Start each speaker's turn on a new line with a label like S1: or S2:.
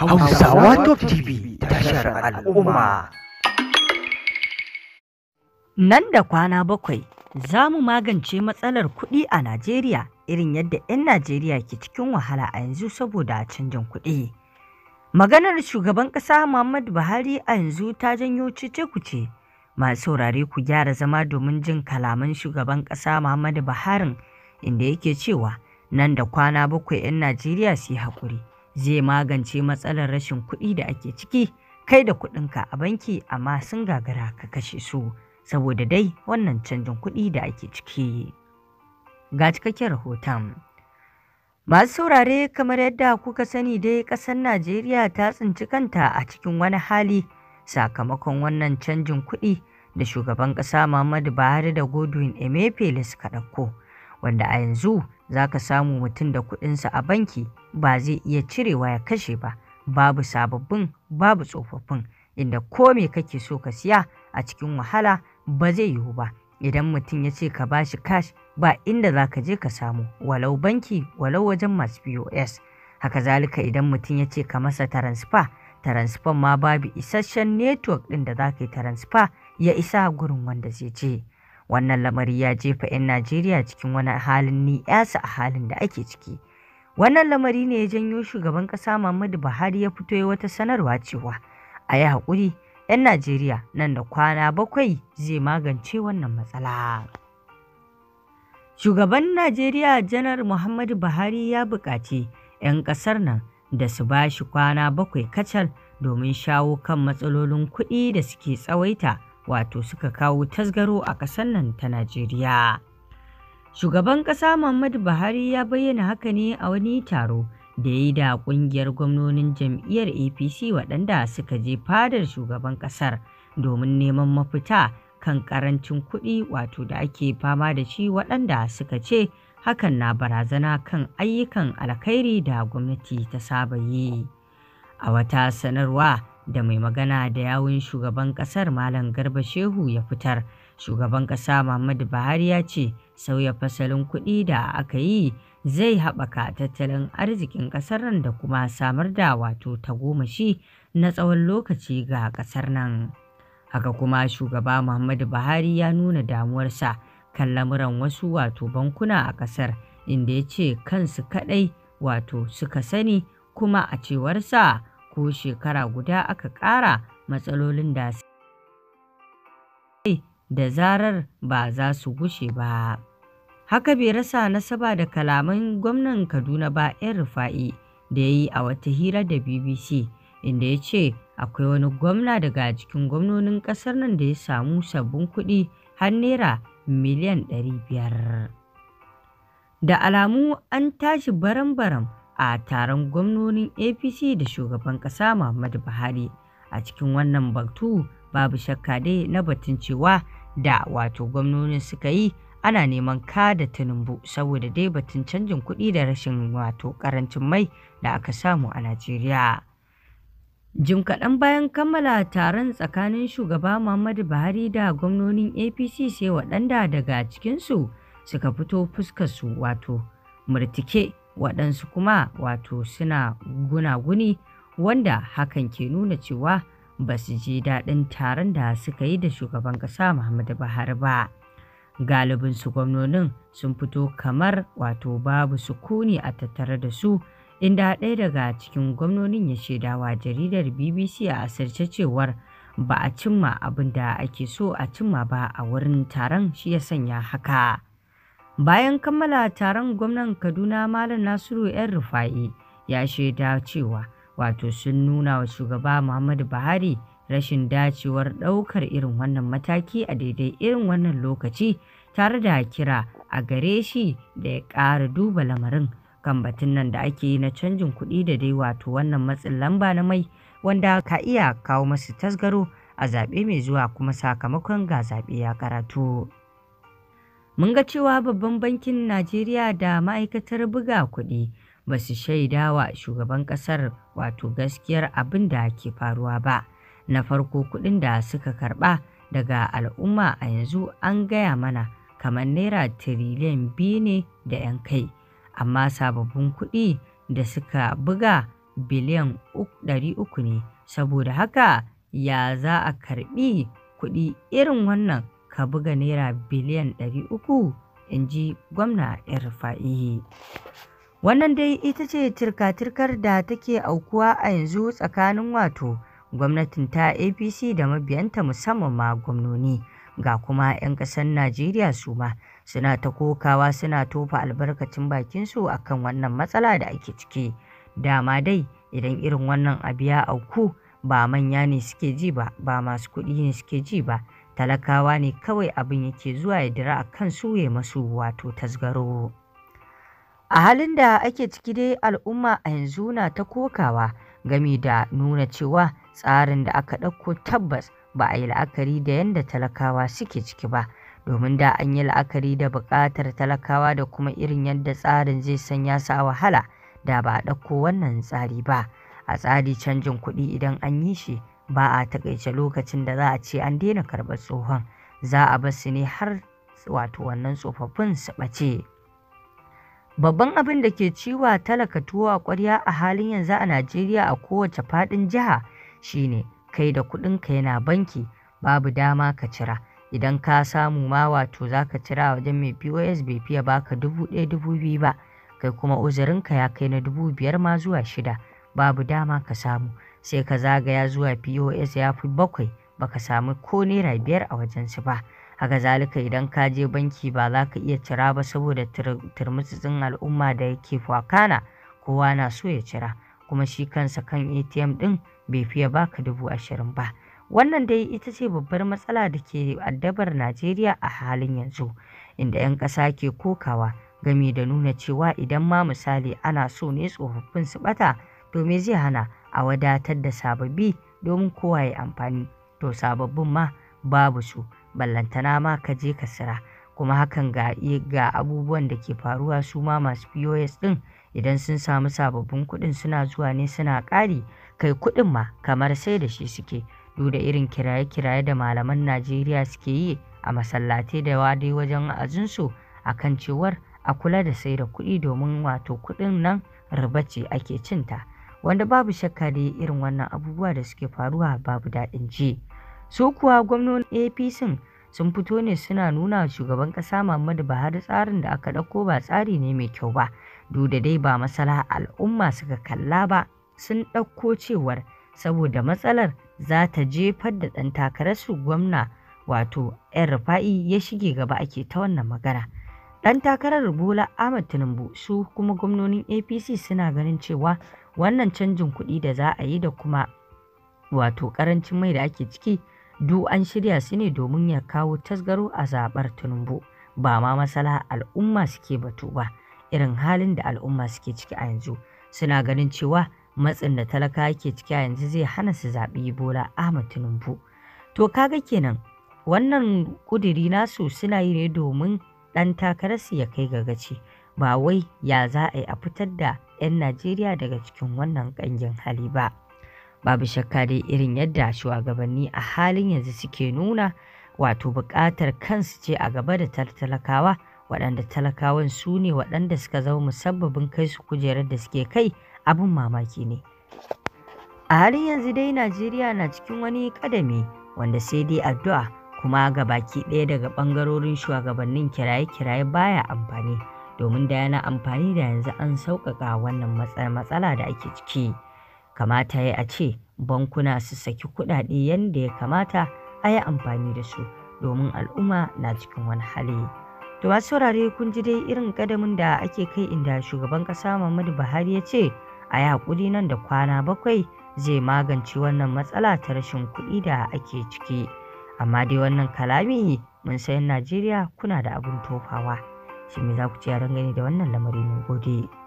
S1: Hausawa Top TV tashar al'umma. Nan da kwana bakwai za mu magance matsalar kuɗi a Najeriya irin yadda 'yan Najeriya ke cikin wahala a yanzu saboda canjin kuɗi. Maganar shugaban ƙasa muhammad Buhari a yanzu ta janyo cece-kuce. Masu saurare ku gyara zama domin jin kalaman shugaban ƙasa Muhammadu Buhari inda yake cewa nan da kwana bakwai 'yan Najeriya su yi haƙuri. zai magance matsalar rashin kuɗi da ake ciki kai da kuɗinka a banki amma sun gagara ka kashe su saboda dai wannan canjin kuɗi da ake ciki ga cikakken rahoton masu saurare kamar yadda kuka sani dai ƙasar najeriya ta tsinci kanta a cikin wani hali sakamakon wannan canjin kuɗi da shugaban ƙasa muhammadu buhari da godwin emefe suka ɗauko wanda a yanzu za ka samu mutum da kuɗinsa a banki ba zai iya cirewa ya kashe ba, babu sababbin babu tsofaffin inda ko me kake so ka siya a cikin wahala ba zai yiwu ba idan mutum ya ce ka bashi cash ba inda za ka je ka samu walau banki walau wajen masu pos haka zalika idan mutum ya ce ka masa transfer transfer ma babu isasshen network ɗin da za ka yi transfer ya isa gurin wanda zai je. wannan lamari ya jefa 'yan najeriya cikin wani halin ni a halin da ake ciki wannan lamari ne ya janyo shugaban ƙasa muhammadu buhari ya fito ya wata sanarwa cewa a yi haƙuri 'yan najeriya nan da kwana bakwai zai magance wannan matsala shugaban najeriya janar muhammadu buhari ya buƙaci 'yan ƙasar nan da su ba shi kwana bakwai kacal domin shawo kan matsalolin kuɗi da suke tsawaita wato suka kawo tasgaro a ƙasar nan ta Najeriya. Shugaban ƙasa Muhammadu Buhari ya bayyana haka ne a wani taro da ya yi da ƙungiyar gwamnonin jam'iyyar APC waɗanda suka je fadar shugaban ƙasar domin neman mafita kan ƙarancin kuɗi wato da ake fama da shi waɗanda suka ce hakan na barazana kan ayyukan alkhairi da gwamnati ta saba yi. A wata sanarwa da mai magana da yawun shugaban kasar Malam Garba Shehu ya fitar. Shugaban kasa Muhammadu Buhari ya ce sauya fasalin kuɗi da aka yi zai haɓaka tattalin arzikin ƙasar nan da kuma samar da wato tagomashi na tsawon lokaci ga ƙasar nan. Haka kuma shugaba Muhammadu Buhari ya nuna damuwarsa kan lamuran wasu wato bankuna a ƙasar inda ya ce kansu kaɗai wato suka sani kuma a cewarsa ko shekara guda aka ƙara matsalolin da da zarar ba za su gushe ba. Haka bai rasa nasaba da kalaman gwamnan Kaduna ba 'yan rufa'i da ya yi a wata hira da BBC inda ya ce akwai wani gwamna daga cikin gwamnonin ƙasar nan da ya samu sabbin kuɗi har naira miliyan 500. Da alamu an tashi baram-baram a taron gwamnonin APC da shugaban ƙasa Muhammadu Buhari. A cikin wannan batu babu shakka dai na batun cewa da wato gwamnonin suka yi ana neman kada Tinubu saboda dai batun canjin kuɗi da rashin wato karancin mai da aka samu a Najeriya. Jim kaɗan bayan kammala taron tsakanin shugaba Muhammadu Buhari da gwamnonin APC sai waɗanda daga cikinsu suka fito fuskarsu wato murtike waɗansu kuma wato suna gunaguni wanda hakan ke nuna cewa ba su ji daɗin taron da suka yi da shugaban ƙasa Muhammadu Buhari ba. Galibin su gwamnonin sun fito kamar wato babu sukuni a tattare da su inda ɗaya daga cikin gwamnonin ya shaidawa jaridar BBC a asirce cewar ba a cimma abin da ake so a cimma ba a wurin taron shi ya sanya haka. Bayan kammala taron gwamnan Kaduna Malam Nasiru 'Yar rufai ya shaida cewa wato sun nuna wa shugaba Muhammadu Buhari rashin dacewar ɗaukar irin wannan mataki a daidai irin wannan lokaci tare da kira a gare shi da ya ƙara duba lamarin kan batun nan da ake yi na canjin kuɗi da dai wato wannan matsin lamba na mai wanda ka iya kawo masu tasgaro a zaɓe mai zuwa kuma sakamakon ga zaɓe ya karatu. Mun ga cewa Babban Bankin Najeriya da Ma'aikatar Buga Kuɗi ba su shaida wa shugaban ƙasar wato gaskiyar abin da ke faruwa ba. Na farko kuɗin da suka karɓa daga al'umma a yanzu an gaya mana kamar naira tiriliyan biyu ne da 'yan kai, amma sababbin kuɗi da suka buga biliyan 300 ne, saboda haka ya za a karɓi kuɗi irin wannan a buga naira biliyan 300, in ji Gwamna el Wannan dai ita ce tirka-tirkar da take aukuwa a yanzu tsakanin wato gwamnatin ta APC da mabiyanta musamman ma gwamnoni. Ga kuma 'yan ƙasar Najeriya su ma suna ta kokawa suna tofa albarkacin bakinsu a kan wannan matsala da ake ciki. Dama dai idan irin wannan abu ya auku ba manya ne suke ji ba, ba masu kuɗi ne suke ji ba. talakawa ne kawai abin yake zuwa ya dira a su ya masu wato tasgaro a halin da ake ciki dai al'umma a yanzu na ta kokawa gami da nuna cewa tsarin da aka ɗauko tabbas ba a yi la'akari da yadda talakawa suke ciki ba domin da an yi la'akari da buƙatar talakawa da kuma irin yadda tsarin zai sanya su a wahala da ba a ɗauko wannan tsari ba a tsari canjin kuɗi idan an yi shi ba a takaice lokacin da za a ce an daina karɓar tsohon, za a bar su ne har wato wannan tsofaffin su ɓace. Babban abin da ke ciwa talaka tuwo a ƙwarya a halin yanzu a Najeriya a kowace faɗin jiha shine kai da kuɗin ka yana banki babu dama ka cira. Idan ka samu ma wato za ka cira wajen mai POS bai fiye baka dubu ɗaya dubu biyu ba, kai kuma uzurinka ya kai na dubu biyar ma zuwa shida babu dama ka samu. sai ka zagaya zuwa POS ya fi bakwai baka samu ko naira biyar a wajensu ba. Haka zalika idan ka je banki ba za ka iya cira ba saboda turmutsutsun al'umma da yake fakana kowa na so ya cira kuma shi kansa kan ATM ɗin bai fiye baka dubu ashirin ba. Wannan dai ita ce babbar matsala da ke addabar Najeriya a halin yanzu, inda 'yan ƙasa ke kokawa game da nuna cewa idan ma misali ana so ne tsofaffin su ɓata to me zai hana a wadatar da sababbi domin kowa ya amfani to sababbin ma babu su ballantana ma ka je ka sira kuma hakan ga, ga abubuwan da ke faruwa su ma masu pos din idan sun samu sababbin kuɗin suna zuwa ne suna ƙari kai kuɗin ma kamar sai da shi suke duk da irin kiraye-kiraye da malaman najeriya suke yi a masallatai da wade wajen azinsu a kan cewar a kula da sai da kuɗi domin wato kuɗin nan riba ce ake cinta wanda babu shakka da irin wannan abubuwa da suke faruwa babu daɗin ji su kuwa gwamnonin apc sun fito ne suna nuna shugaban ƙasa muhammadu buhari tsarin da aka ɗauko ba tsari ne mai kyau ba duk da dai ba masala al'umma suka kalla ba sun ɗauko cewar saboda matsalar za ta jefar da ɗan takararsu gwamna wato 'yan rufa'i ya shige gaba ake ta wannan magana Ɗan takarar Bola Ahmed Tinubu su kuma gwamnonin APC suna ganin cewa wannan canjin kuɗi da za a yi da kuma wato ƙarancin mai da ake ciki duk an shirya su ne domin ya kawo tasgaro a zaɓar Tinubu ba ma masala al'umma suke batu ba irin halin da al'umma suke ciki a yanzu suna ganin cewa matsin da talaka yake ciki a yanzu zai hana su zaɓi Bola Ahmed Tinubu to kaga kenan wannan kudiri nasu suna yi ne domin ɗan takararsu ya kai ga gaci ba wai ya za a yi a fitar da 'yan Najeriya daga cikin wannan ƙangin hali ba. Babu shakka dai irin yadda shugabanni a halin yanzu suke nuna wato buƙatar kansu ce a gaba da talakawa waɗanda talakawan su ne waɗanda suka zama musabbabin kai su kujerar da suke kai abin mamaki ne. A halin yanzu dai Najeriya na cikin wani ƙadami wanda sai dai addu'a kuma ga baki ɗaya daga ɓangarorin shugabannin kiraye-kiraye baya amfani domin da yana amfani da yanzu an sauƙaƙa wannan matsala da ake ciki kamata ya a ce bankuna su saki kuɗaɗe yadda ya kamata a yi amfani da su domin al'umma na cikin wani hali to masu saurare kun ji dai irin kadamin da ake kai inda shugaban ƙasa muhammadu buhari ya ce a yi haƙuri nan da kwana bakwai zai magance wannan matsala ta rashin kuɗi da ake ciki. Amma dai wannan kalami mun sayan Najeriya kuna da abun tofawa. Shin me za ku ce a dangane da wannan lamari? Mun gode.